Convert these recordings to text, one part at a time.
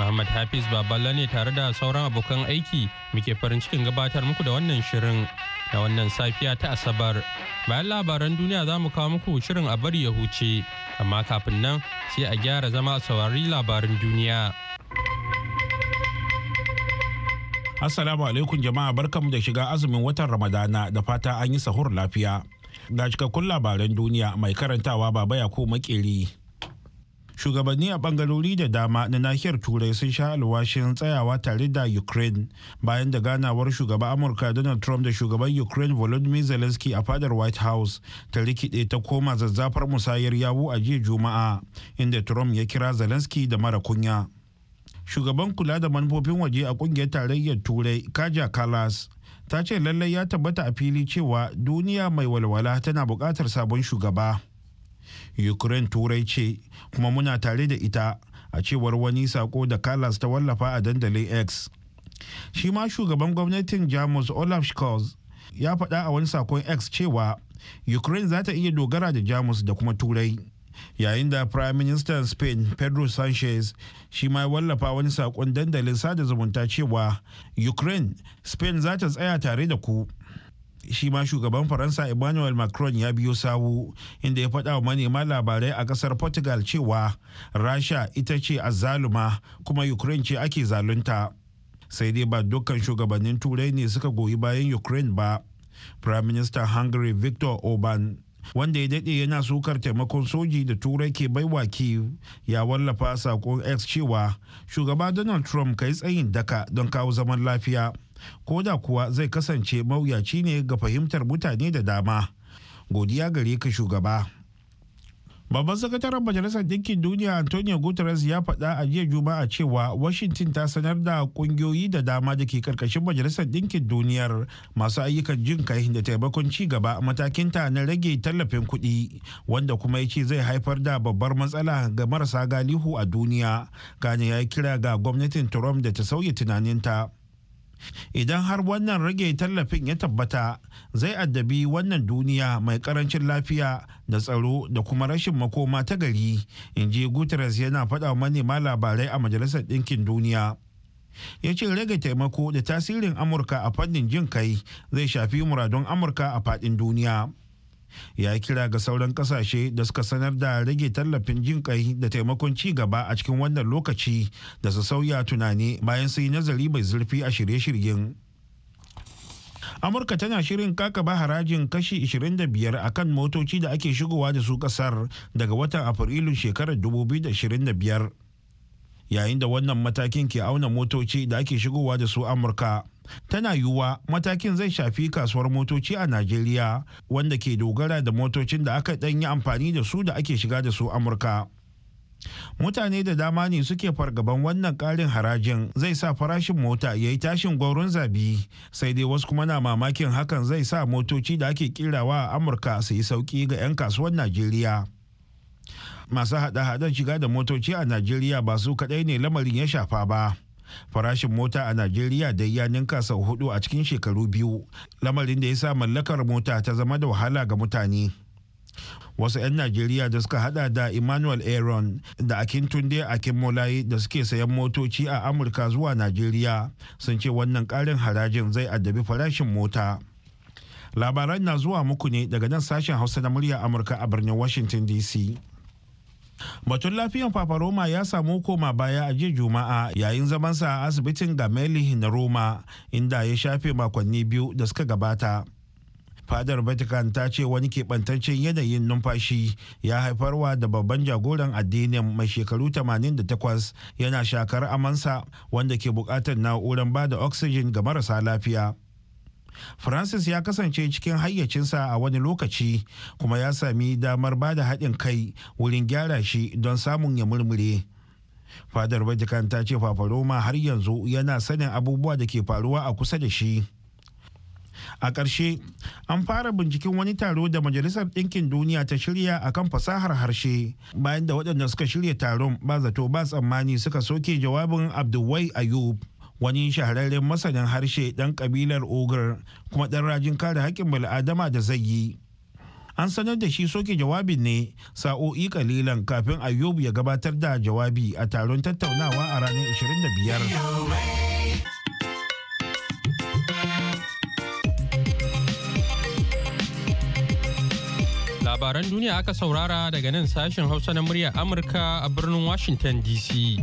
Muhammad Hafiz Baballa ne tare da sauran abokan aiki muke farin cikin gabatar muku da wannan shirin da wannan safiya ta Asabar. Bayan labaran duniya za mu kawo muku shirin a bari ya huce, amma kafin nan sai a gyara zama a saurari labarin duniya. Assalamu alaikum jama'a barkamu da shiga azumin watan Ramadana da fata an yi sahur lafiya. Ga cikakkun labaran duniya mai karantawa baba ya ko makeri. shugabanni a bangarori da dama na nahiyar turai sun sha alwashin tsayawa tare da ukraine bayan da ganawar shugaba amurka donald trump da shugaban ukraine volodymyr zelensky a fadar white house ta rikide ta koma zazzafar musayar yawo a jiya juma'a inda trump ya kira zelensky da mara kunya shugaban kula da manufofin waje a kungiyar tarayyar turai kaja kalas ta ce lallai ya tabbata a fili cewa duniya mai walwala tana bukatar sabon shugaba ukraine turai ce kuma muna tare da ita a cewar wani sako da kalas ta wallafa a dandalin x shi ma shugaban gwamnatin jamus olaf scholz ya faɗa a wani sakon x cewa ukraine za ta iya dogara da jamus da kuma turai yayin da prime minister spain pedro sanchez shi ma wallafa wani sakon dandalin sada zumunta cewa ukraine spain za ta tsaya tare da ku shi ma shugaban faransa emmanuel macron ya biyo sawu inda ya faɗa wa manema labarai a ƙasar portugal cewa rasha ita ce azzaluma kuma ukraine ce ake zalunta sai dai ba dukkan shugabannin turai ne suka goyi bayan ukraine ba prime minister hungary victor orban wanda ya daɗe yana sukar taimakon soji da turai ke baiwa kiev ya wallafa sakon x cewa shugaba donald trump ka yi tsayin daka don kawo zaman lafiya ko da kuwa zai kasance mawuyaci ne ga fahimtar mutane da dama godiya gare ka shugaba babban sakataren majalisar dinkin duniya antonio guterres ya faɗa a jiya juma'a cewa washington ta sanar da ƙungiyoyi da dama da ke karkashin majalisar dinkin duniyar masu ayyukan jin kai da taimakon ci gaba matakinta na rage tallafin kuɗi wanda kuma ya ce zai haifar da babbar matsala ga marasa galihu a duniya gane ya kira ga gwamnatin trump da ta sauya tunaninta idan har wannan rage tallafin ya tabbata zai addabi wannan duniya mai karancin lafiya da tsaro da kuma rashin makoma ta gari in ji guterres yana faɗa manema labarai a majalisar ɗinkin duniya ya ce rage taimako da tasirin amurka a fannin jin kai zai shafi muradun amurka a faɗin duniya ya kira ga sauran kasashe da suka sanar da rage tallafin jin kai da taimakon ci gaba a cikin wannan lokaci da su sauya tunani bayan su yi nazari mai zurfi a shirye-shiryen amurka tana shirin kakaba harajin kashi 25 a kan motoci da ake shigowa da su kasar daga watan afrilun shekarar 2025 yayin da wannan matakin ke auna motoci da ake shigowa da su amurka tana yiwuwa matakin zai shafi kasuwar motoci a najeriya wanda ke dogara da motocin da aka ɗan yi amfani da su da ake shiga da su amurka mutane da dama ne suke fargaban wannan ƙarin harajin zai sa farashin mota ya yi tashin gwauron zabi sai dai wasu kuma na mamakin hakan zai sa motoci da ake kirawa a amurka su yi sauki ga 'yan kasuwar najeriya masu hada hadan shiga da motoci a najeriya ba su kadai ne lamarin ya shafa ba farashin mota a najeriya da ya ninka sau hudu a cikin shekaru biyu lamarin da ya sa mallakar mota ta zama da wahala ga mutane wasu 'yan najeriya da suka hada da emmanuel aaron da akin tunde akin molaye da suke sayan motoci a amurka zuwa najeriya sun ce wannan karin harajin zai addabi farashin mota labaran na zuwa muku ne daga nan sashen hausa na murya amurka a birnin washington dc Batun lafiyan Roma ya samu koma baya a jiya Juma'a yayin zamansa a asibitin Gameli na Roma inda ya shafe makonni biyu da suka gabata. Fadar Vatican ta ce wani keɓantaccen yanayin numfashi ya haifarwa da babban jagoran addinin mai shekaru 88 yana shakar amansa wanda ke buƙatar na'urar ba da oxygen ga marasa lafiya. francis ya kasance cikin hayyacinsa a wani lokaci kuma ya sami damar ba da haɗin kai wurin gyara shi don samun ya murmure fadar vatican ta ce fafaroma har yanzu yana sanin abubuwa da ke faruwa a kusa da shi a ƙarshe an fara binciken wani taro da majalisar ɗinkin duniya ta shirya akan fasahar harshe bayan da waɗanda suka shirya taron ba zato ba tsammani suka soke jawabin abdulwai ayub wani shahararren masanin harshe ɗan kabilar ogar kuma ɗan rajin kare haƙƙin bal'adama da zai yi an sanar da shi soke jawabin ne sa'o'i kalilan kafin ayyub ya gabatar da jawabi a taron tattaunawa a ranar 25 labaran duniya aka saurara daga nan sashen hausa na muryar amurka a birnin washington dc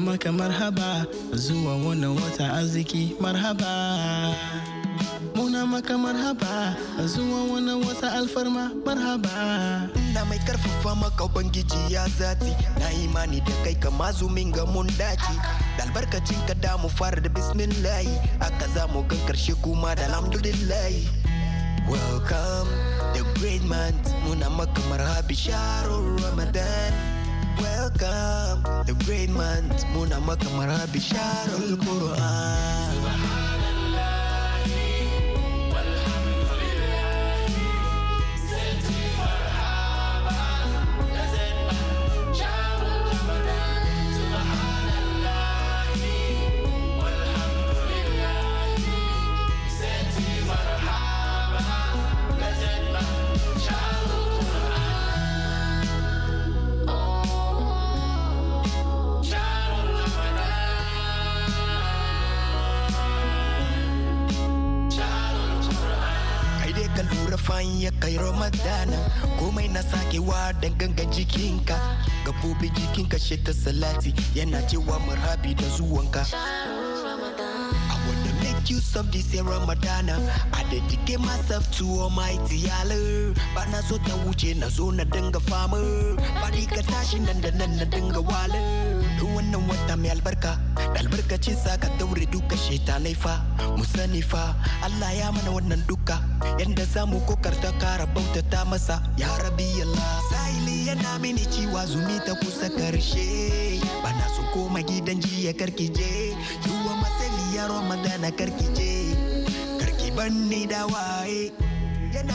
maka marhaba zuwa wannan wata arziki marhaba muna maka marhaba zuwa wannan wata alfarma marhaba ina mai karfafa maka ubangiji ya zati na imani da kai ka mazumin ga mun daki dalbarkacin ka da mu fara da bismillahi aka za mu ga karshe kuma da alhamdulillahi welcome the great man muna maka marhaba sharon ramadan Welcome, the great man, Muna Makamarabi, Shah al-Quran. kai ramadana komai na sakewa da gangan jikinka gabobin jikinka shi ta salati yana cewa marhabi da zuwanka use of this year Ramadana. I dedicate myself to Almighty Allah. Bana so ta wuce na zo na dinga fama. Bari ka tashi nan da nan na dinga wala. Duk wannan wata mai albarka. albarkacin sa ka daure duka shetanai fa mu sani fa Allah ya mana wannan duka yanda za mu kokarta kara bautata masa ya rabi Allah sahili yana mini ciwa zumi ta kusa karshe bana su koma gidan jiya karkije yiwa masali yaro karkije karki banni da waye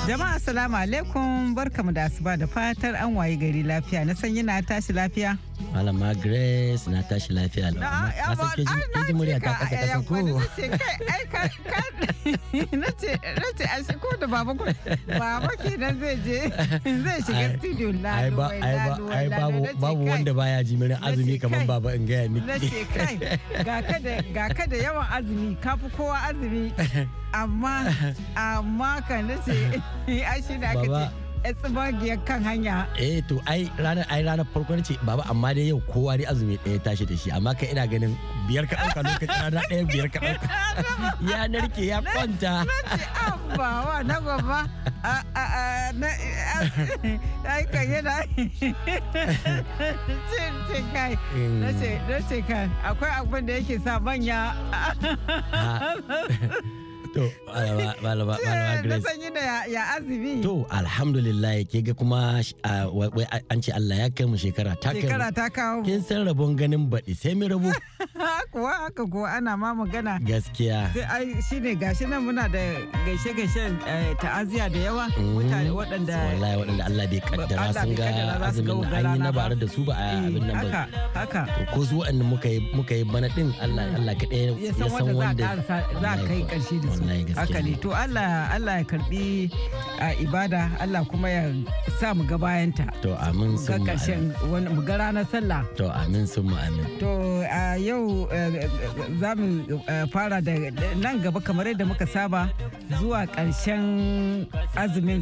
Jama'a salamu alaikum barkamu da asuba da fatar an waye gari lafiya na san yana tashi lafiya. Malam Magres na tashi lafiya lau na san keji murya ta kasa kasa ko na ce a ko da baba ko baba kenan zai je zai shiga studio na ai babu babu wanda baya ji mirin azumi kamar baba in gaya miki na ce kai ga ka da yawan azumi kafi kowa azumi amma amma ka na ce ai shi da aka ce tsibagiyar kan hanya. Eh to ai ranar ai ranar farko ce baba amma dai yau kowa dai azumi ɗaya tashi da shi amma kai ina ganin biyar ka ɗauka lokaci ranar ɗaya biyar ka ɗauka. Ya narke ya kwanta. Abba wa na gaba. Ai kan yana. Cin cin kai. Nace mm. nace kan akwai abin da yake sa manya. To, malama ya azumi. To, alhamdulillah ke ga kuma ah, an ce Allah ya kai mu shekara ta kai. Shekara ta kawo. Kin san rabon ganin baɗi sai mu rabu. Kuwa haka ko ana ma magana. Gaskiya. Ai shi ne gashi nan muna da gaishe-gaishen eh, ta'aziya da yawa. Mm. Mutane waɗanda. Wallahi waɗanda Allah bai kaddara sun ga azumin na an yi na bare da su ba a eh, abin nan ba. Haka haka. Ko su waɗanda muka yi bana ɗin Allah kaɗai ya wanda. Ya san wanda za a kai ƙarshe da su. na yi gaske ne to Allah Allah ya karbi a ibada Allah kuma ya sa mu ga bayanta to amin sun ga karshen wani mu ga ranar sallah to amin sun mu amin to a yau za mu fara da nan gaba kamar yadda muka saba zuwa karshen azumin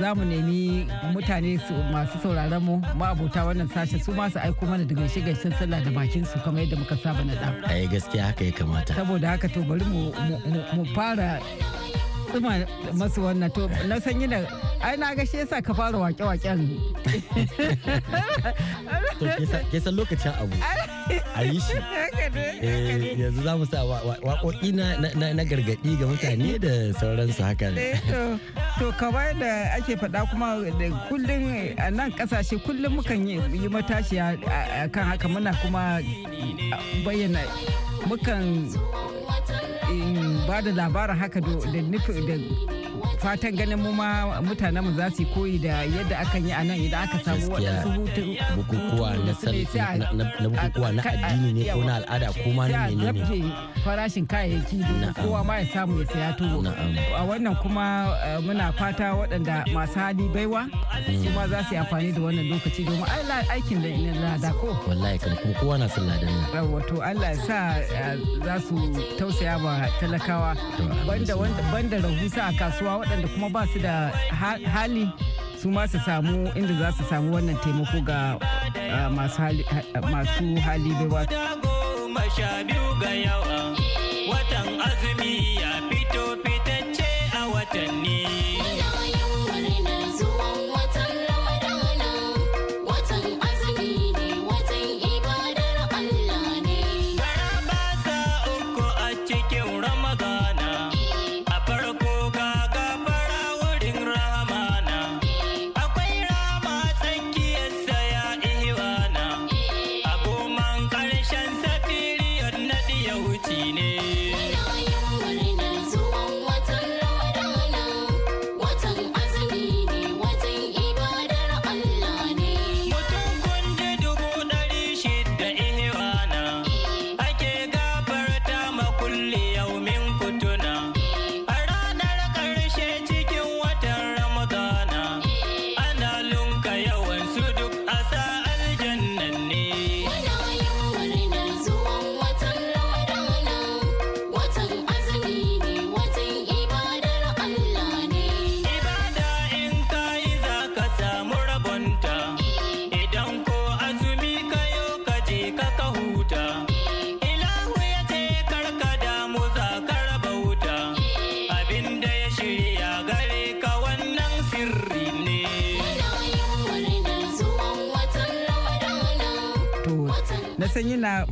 za mu nemi mutane masu sauraron mu abota wannan sashen su masu aiko mana daga gaishe gaishen sallah da bakin su kamar yadda muka saba na da. Ai eh, gaskiya haka ya kamata. Saboda haka to bari mu fara tsuma masu wannan to na san yi da ai na ga shi yasa ka fara wake-waken to ke san lokacin abu a yi shi eh, yanzu za mu sa waƙoƙi na gargaɗi ga mutane da sauransu haka ne eh, to kawai da ake faɗa kuma da kullum a nan ƙasashe kullum mukan yi matashi kan haka muna kuma bayyana mukan ba da labarin haka da nufin da fatan ganin mu ma mutanenmu za su koyi da yadda akan yi a nan idan aka samu waɗansu hutun bukukuwa na bukukuwa na addini ne ko na al'ada ko ma na ne ne farashin kayayyaki da kowa ma ya samu ya saya to a wannan kuma eh, muna fata waɗanda masu hali baiwa mm. su ma za su yi amfani da wannan lokaci domin aikin da ina lada ko wallahi kan kuma kowa na son ladan nan wato Allah ya sa eh, za su tausaya ba talakawa banda banda rahusa a kasuwa waɗanda kuma ba su da hali su ma su samu inda za su samu wannan taimako ga masu hali bai wata ga watan azumi ya fi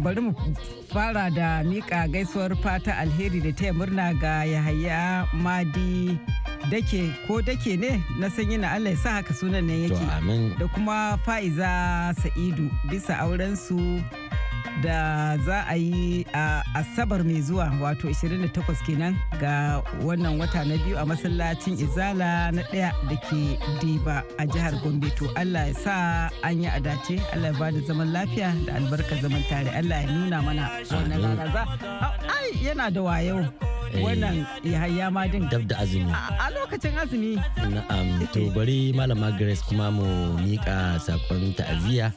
bari mu fara da mika gaisuwar fata alheri da taya murna ga yahaya madi dake ko dake ne na sanyi na allah sa haka sunan nan yake da kuma fa'iza sa'idu bisa aurensu da za a yi a asabar mai zuwa wato 28 kenan ga wannan wata na biyu a masallacin izala na ɗaya da ke diba a jihar gombe to allah ya sa an yi a dace allah ya ba da zaman lafiya da albarka zaman tare allah ya nuna mana wannan rana za yana da wayo Eh, wannan eh, ma din dab da azumi a lokacin azumi na'am to bari malama grace kuma mu mika sakon ta'aziyya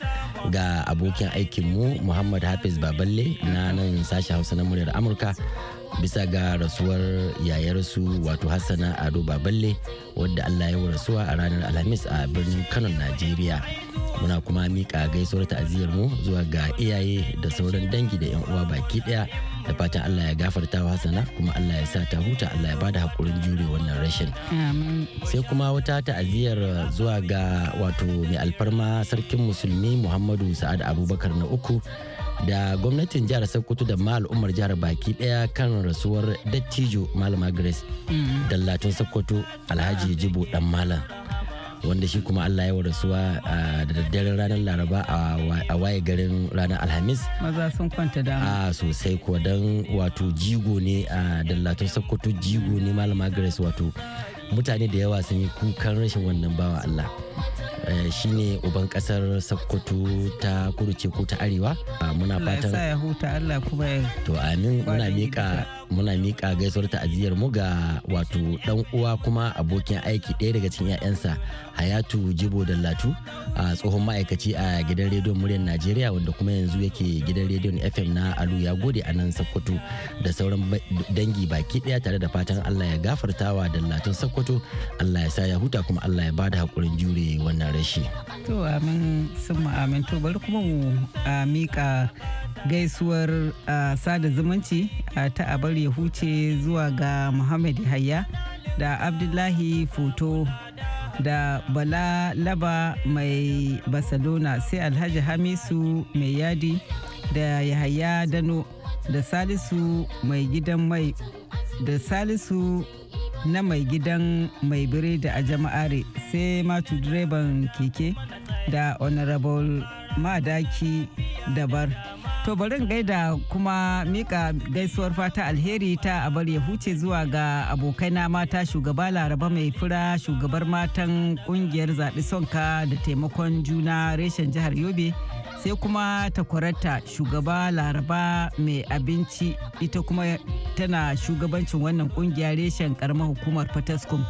ga abokin aikinmu muhammad hafiz baballe na nan sashen hausa na muryar amurka bisa ga rasuwar yayarsu wato hassana ado baballe wadda allah ya rasuwa a ranar alhamis a birnin kano najeriya muna kuma miƙa gaisuwar ta'aziyar mu zuwa ga iyaye da sauran dangi da 'yan uwa baki daya da fatan Allah ya gafarta wa Hassana kuma Allah ya sa ta huta Allah ya bada hakurin jure wannan rashin. Sai kuma wata ta'aziyar zuwa ga wato mai alfarma sarkin musulmi Muhammadu Sa'ad Abubakar na uku da gwamnatin jihar sokoto da ma al'ummar jihar baki daya kan rasuwar dattijo malama grace mm. dallatin sokoto alhaji jibo dan malam wanda shi kuma allah ya rasuwa da daddaren ranar laraba a waye garin ranar alhamis maza sun kwanta da a sosai kuwa don wato jigo ne a dallatin sokoto jigo ne malama grace wato mutane da yawa sun yi kukan rashin wannan bawa allah Eh, shine uban kasar sakkwato ta kudu ce ko ta arewa ah, muna fatan ya huta Allah kuma ya to amin muna mika muna mika gaisuwar ta'aziyar mu ga wato dan uwa kuma abokin aiki ɗaya daga cikin ƴaƴansa Hayatu Jibo Dallatu a tsohon ma'aikaci a gidan rediyon muryar Najeriya wanda kuma yanzu yake gidan rediyon FM na Alu ya gode a nan Sokoto da sauran dangi baki ɗaya tare da fatan Allah ya gafartawa Dallatun Sokoto Allah ya sa ya huta kuma Allah ya bada hakurin jure jure wannan rashi to amin sun bari kuma mu mika gaisuwar sada zumunci ta abar ya huce zuwa ga muhammad hayya da abdullahi foto da bala laba mai barcelona sai alhaji hamisu mai yadi da yahaya dano da salisu mai gidan mai da salisu na mai gidan mai biredi a jama'are sai matu direban keke da honorable madaki dabar. To bari gaida kuma mika gaisuwar fata alheri ta a abar ya huce zuwa ga abokaina mata shugaba laraba mai fura shugabar matan kungiyar zaɓi sonka da taimakon juna reshen jihar Yobe. sai kuma takwarata shugaba laraba mai abinci ita kuma tana shugabancin wannan kungiya reshen karamar hukumar fataskum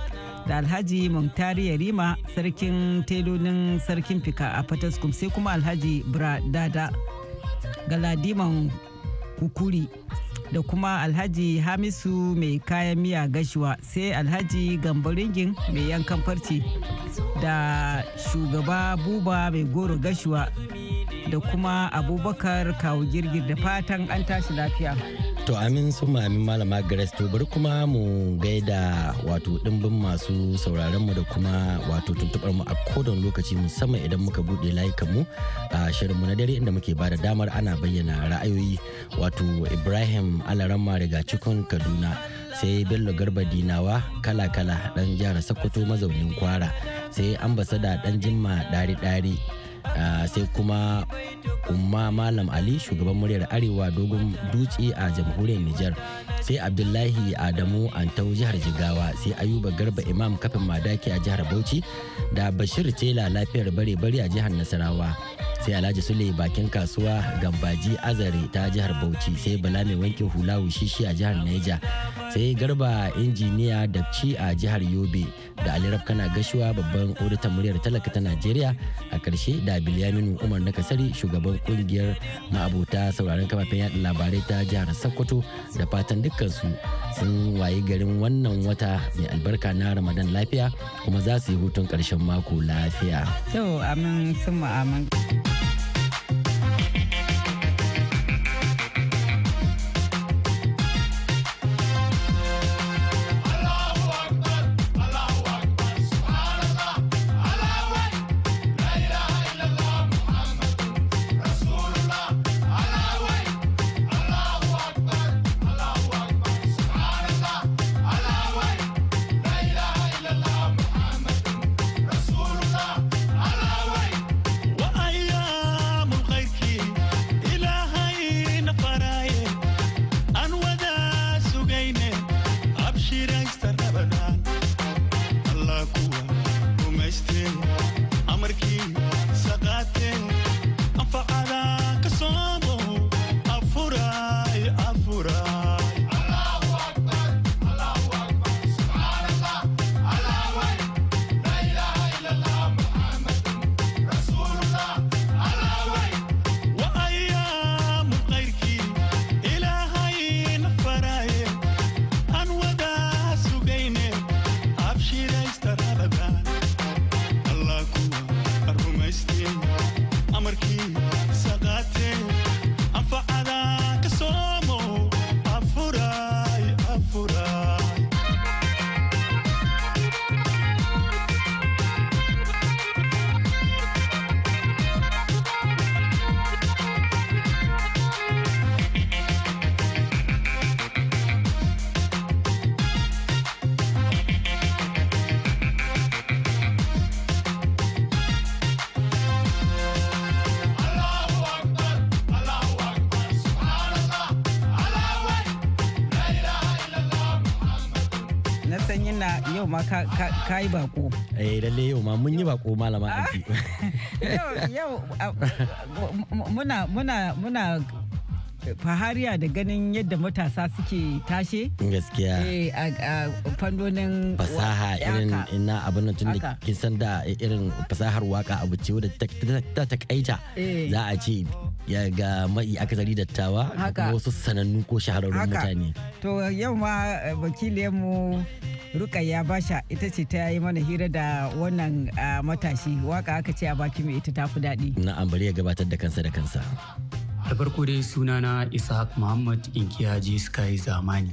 da alhaji montari yarima sarkin telonin sarkin fika a fataskum sai kuma alhaji bradada galadiman kukuri da kuma alhaji hamisu mai kayan miya gashuwa sai alhaji gambaringin mai yankan farce da shugaba buba mai goro gashuwa da kuma abubakar kawo girgir da fatan an tashi lafiya To amin sun amin malama Grace to bari kuma mu gaida wato dimbin masu sauraron mu da kuma wato tuntubar mu a kodon lokaci musamman idan muka bude layukan mu a shirin mu na dare inda muke bada damar ana bayyana ra'ayoyi wato Ibrahim Alaramma daga cikin Kaduna sai Bello Garba Dinawa kala kala dan jihar Sokoto mazaunin Kwara sai ambasada dan Jimma dari dari Ah, sai kuma umma malam ali shugaban muryar arewa dogon dutse a jamhuriyar nijar sai abdullahi adamu antau jihar jigawa sai ayuba garba imam kafin madaki a jihar bauchi da bashir tela lafiyar bare bare a jihar nasarawa sai alhaji sule bakin kasuwa gambaji azare ta jihar bauchi sai bala mai wankin hula wushishi a jihar neja sai garba injiniya dabci a jihar yobe da alirab kana gashuwa babban auditan muryar talaka ta najeriya a karshe da bilyaminu umar na kasari shugaban kungiyar ma'abota sauraron kafafen yada labarai ta jihar sokoto da fatan dukkansu sun wayi garin wannan wata mai albarka na ramadan lafiya kuma za su yi hutun karshen mako lafiya. yau amin sun na san yana yau ma ka yi bako. Eh lalle yau ma mun yi bako malama anti. Yau muna muna muna fahariya da ganin yadda matasa suke tashe gaskiya eh, a fannonin fasaha irin ina abin tun da kin san da irin fasahar waka abu ce wadda ta takaita eh. za a ce ya ga mai akasari dattawa kuma wasu sanannu ko shahararrun mutane to yau ma eh, wakilinmu rukayya basha ita ce ta yi mana hira da wannan ah, matashi waka aka ce a baki mai ita tafi fi daɗi na ya gabatar da kansa da kansa Da farko dai sunana Ishaq Muhammad Inkiyaji Sky Zamani.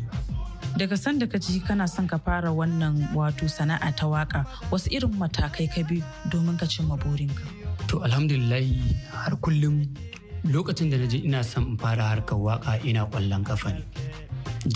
Daga sanda ka ji kana son ka fara wannan wato sana'a ta waka wasu irin matakai ka bi domin ka cimma burinka. To alhamdulillahi har kullum lokacin da na ina son in fara harkar waka ina kwallon kafa ne.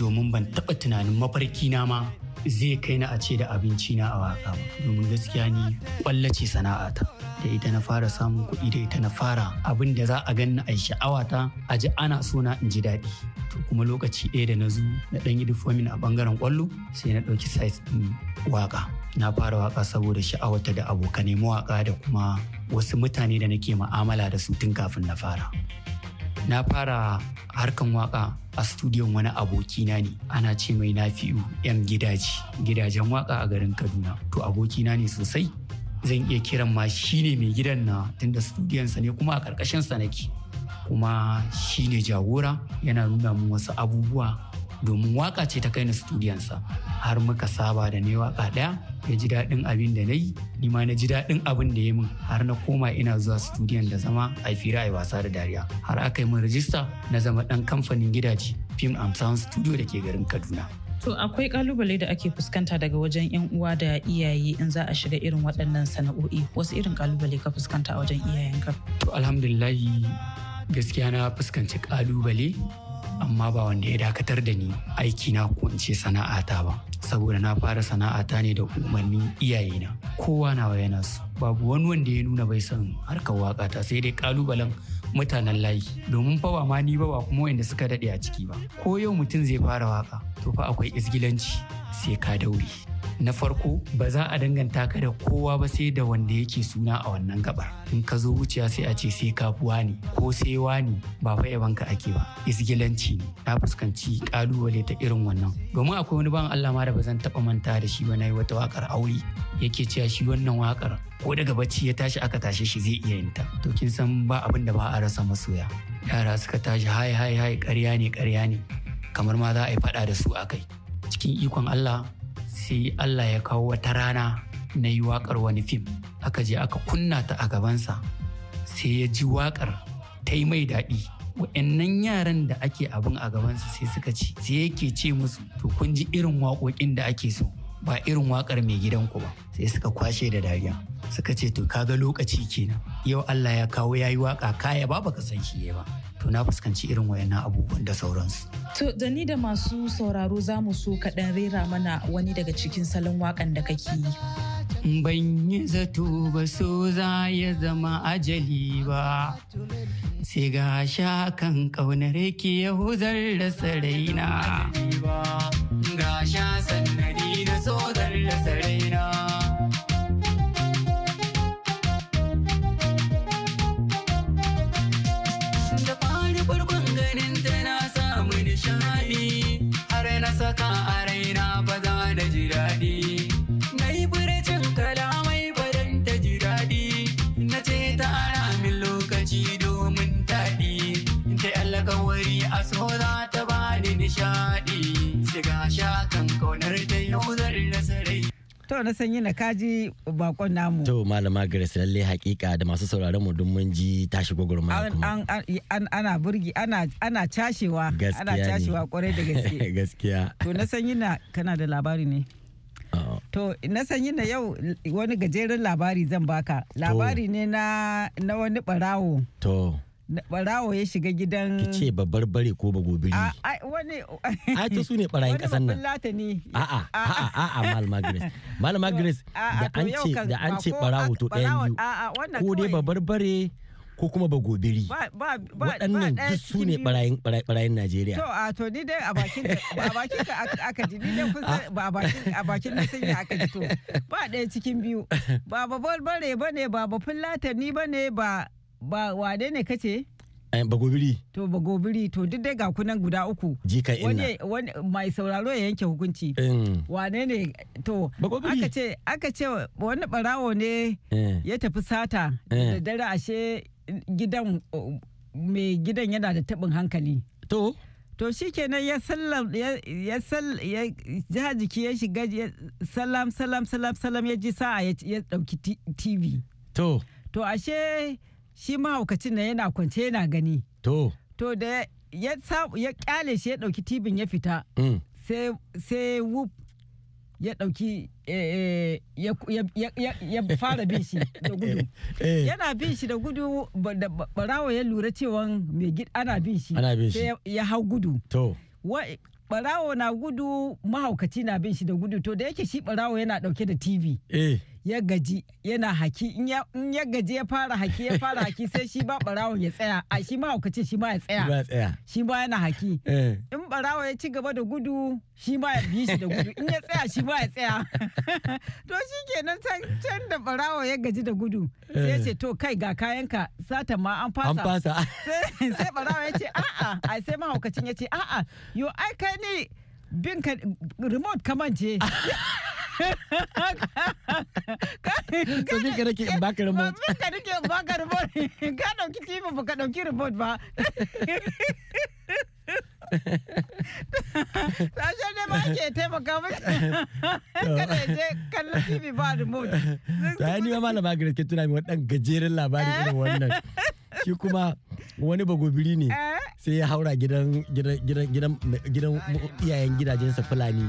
Domin ban taɓa tunanin mafarki na ma zai kai na a ce da abinci na a waka ba domin gaskiya ni kwalla sana'a ta. da ita na fara samun kuɗi da ita na fara abin da za a ganni a sha'awata a ji ana so na in ji daɗi to kuma lokaci ɗaya da na zo na ɗan yi difomin a ɓangaren kwallo sai na ɗauki size ɗin waka na fara waka saboda sha'awata da abokanai mawaƙa da kuma wasu mutane da nake ma'amala da su tun kafin na fara na fara harkan waka a studiyon wani abokina ne ana ce mai na nafi'u yan gidaje gidajen waka a garin kaduna to abokina ne sosai zan iya kiran ma shi ne mai gidan na tunda studiyonsa ne kuma a ƙarƙashinsa nake kuma shi ne jagora yana nuna min wasu abubuwa domin waka ce ta kai ni studiyansa har muka saba da ne waka ɗaya ya ji daɗin abin da na yi ni ma na ji daɗin abin da ya min har na koma ina zuwa studiyan da zama a fira a wasa da dariya har aka yi min rajista na zama ɗan kamfanin gidaje fim and sound studio da ke garin kaduna To akwai kalubale da ake fuskanta daga wajen 'yan uwa da iyaye in za a shiga irin waɗannan sana'o'i wasu irin kalubale ka fuskanta a wajen iyayenka? To alhamdulillahi gaskiya na fuskanci kalubale amma ba wanda ya dakatar da ni aiki na kunce sana'ata ba saboda na fara sana'ata ne da umarni iyayena kowa nawa yana su babu wani wanda ya nuna bai son harkar waka ta sai dai kalubalen mutanen layi domin fa ba ma ni ba ba kuma wanda suka dade a ciki ba ko yau mutum zai fara waka to fa akwai isgilanci sai ka daure na farko ba za a danganta ka da kowa ba sai da wanda yake suna a wannan gabar in ka zo wuciya sai a ce sai kafuwa ne ko sai wani ba fa ka ake ba isgilanci ne na fuskanci kalubale ta irin wannan domin akwai wani ban Allah ma da ba zan taba manta da shi ba nayi wata wakar aure yake cewa shi wannan wakar ko daga bacci ya tashi aka tashe shi zai iya yin ta to kin san ba abin da ba a rasa masoya yara suka tashi hai hai hai ƙarya ne ƙarya ne kamar ma za a yi faɗa da su akai cikin ikon Allah sai Allah ya kawo wata rana na yi waƙar wani fim aka je aka kunna ta a gabansa sai ya ji waƙar ta yi mai daɗi wa'annan yaran da ake abin a gabansa sai suka ci sai yake ce musu to kun ji irin waƙoƙin da ake so ba irin waƙar mai gidanku ba sai suka kwashe da dariya suka ce to kaga lokaci kenan yau Allah ya kawo ya yi waka kaya ba baka san shi ba to na fuskanci irin wayannan abubuwan da sauransu to da ni da masu sauraro za mu so kaɗan rera mana wani daga cikin salon wakan da kake yi ban yi zato ba so za ya zama ajali ba sai ga shakan ƙaunar ke ya huzar da saraina To na sanyi na kaji bakon namu. To malama Grace lalle hakika da masu sauraron mu dun mun ji tashi gogurma kuma. An ana burgi ana ana cashewa ana cashewa kwarai da gaske. Gaskiya. To na sanyi na kana da labari ne. Oh. To na sanyi na yau wani gajeren labari zan baka. Labari ne na na wani barawo. To. barawo ya shiga gidan ki ce babbar bare ko ba gobiri wani ai ta su ne barayin kasan nan a'a a'a a'a da an ce da an ce barawo to ɗaya biyu ko dai babbar bare ko kuma ba gobiri waɗannan duk eh, su ne barayin najeriya to a to ni dai a bakin ka aka ji ni dai kusa ba a bakin na sanya aka ji to ba ɗaya cikin biyu ba babbar bare ba ne ba ba fulatani ba ne ba ba wa dai ne kace eh, bagobiri to bagobiri to duk dai ga kunan guda uku jika inna wani mai sauraro ya yanke hukunci wane ne to aka ce aka ce wani barawo ne eh. ya tafi sata da eh. dare ashe gidan mai gidan yana da tabin hankali to to shikenan ya sallam ya sall ya ja jiki ya shiga salam salam salam salam ya ji sa'a ya dauki tv to to ashe shi mahaukacin nan yana kwance yana gani to to da ya ya kyale shi ya dauki tibin ya fita mm. sai sai ya dauki eh, eh, ya fara bin shi da eh, gudu yana bin shi da gudu da barawa ya lura cewa mai ana bin shi sai ya hau gudu to barawo na gudu mahaukaci na bin shi da gudu to da yake shi barawo yana dauke da tv eh ya gaji yana haki in ya gaji ya fara haki ya fara haki sai shi ba barawon ya tsaya a shi ma hukace shi ma ya tsaya shi ma yana haki eh. in barawo ya ci gaba da gudu shi ma ya bi shi da gudu in ya tsaya shi ma ya tsaya to shi kenan can da barawo ya gaji da gudu sai ya ce to kai ga kayanka satan ma an fasa sai barawo ya ce a'a ai sai mahaukacin ya ce a'a yo ai kai ne bin remote kamance so ne ka nake in baka remote ba ka nake in baka remote ka dauki tv ba ka dauki remote ba sashen ne ba ake taimaka mai kada ya je kallon tv ba remote ta yi ni ma malama ke tuna mai wani gajeren labarin irin wannan shi kuma wani bagobiri ne sai ya haura gidan iyayen gidajensa fulani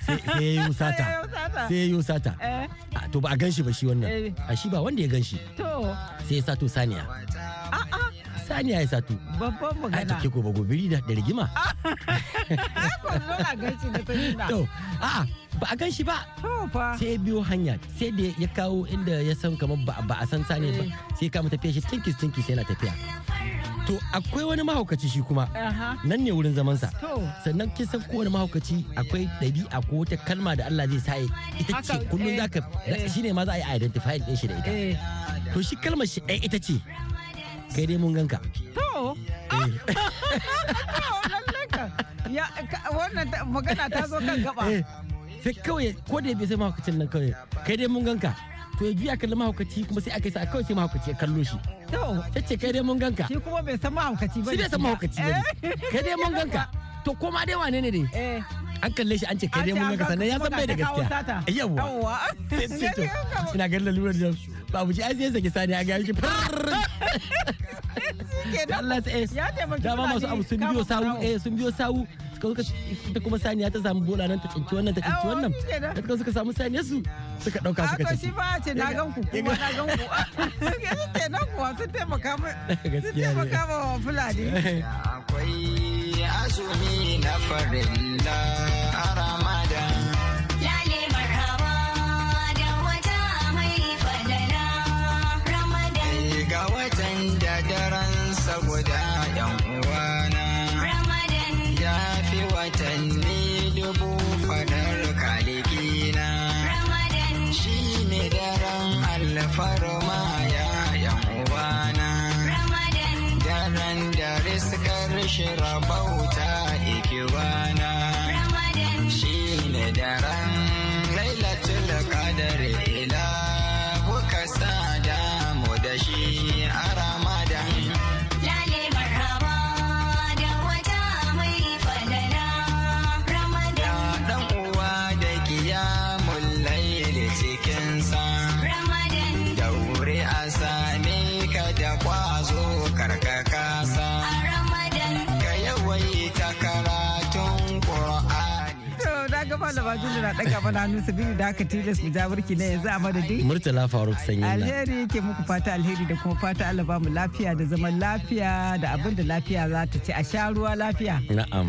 sai ya yi sata sai ya yi sata eh. to ba a gan shi ba shi wannan eh. a shi ba wanda ya gan shi sai ya sato saniya saniya ya sato. Babban magana. take ko gobiri da da rigima. To, a'a ba a gan shi ba. Sai biyo hanya sai da ya kawo inda ya san kamar ba a san saniya ba eh. sai kama tafiya shi tinkis tinkis yana tafiya. To akwai wani mahaukaci shi kuma nan ne wurin zamansa. Sannan kin san kowane mahaukaci akwai ɗabi'a ko wata kalma da Allah zai sa ita ce kullun eh. zaka eh. shi ne ma za a yi identifying ɗin shi da ita. To shi kalmar shi ɗaya ita ce kai dai mun ganka to ah. eh. oh, ya wannan magana ta zo kan gaba eh, sai kawai ko da bai sai mahaukacin nan kawai kai dai mun ganka to ya juya kalli mahaukaci kuma sai aka sa kawai sai mahaukaci ya kallo shi ta ce kai dai mun ganka shi kuma bai san mahaukaci ba shi bai san mahaukaci ba eh. kai dai mun ganka to koma dai wane ne dai an kalle shi an ce kai dai mun ganka sannan ya san bai da gaskiya yawa ina ganin lalurar da babu shi ai sai sani a gashi Allah eh. dama masu abu sun biyo sawu eh sun biyo sawu suka ita kuma saniya ta samu bola nan ta cinci wannan ta cinci wannan suka samu saniya su suka dauka suka ci. shi ba ce na gan ku kuma na gan ku. nan kuwa sun taimaka ma sun taimaka ma Fulani. Akwai asumi na farin malama juli na daga mana hannu sabini da aka tilas mu ja burki na yanzu a madadin murtala faruk sanyi alheri yake muku fata alheri da kuma fata Allah ba mu lafiya da zaman lafiya da abin da lafiya za ta ci a sha ruwa lafiya na'am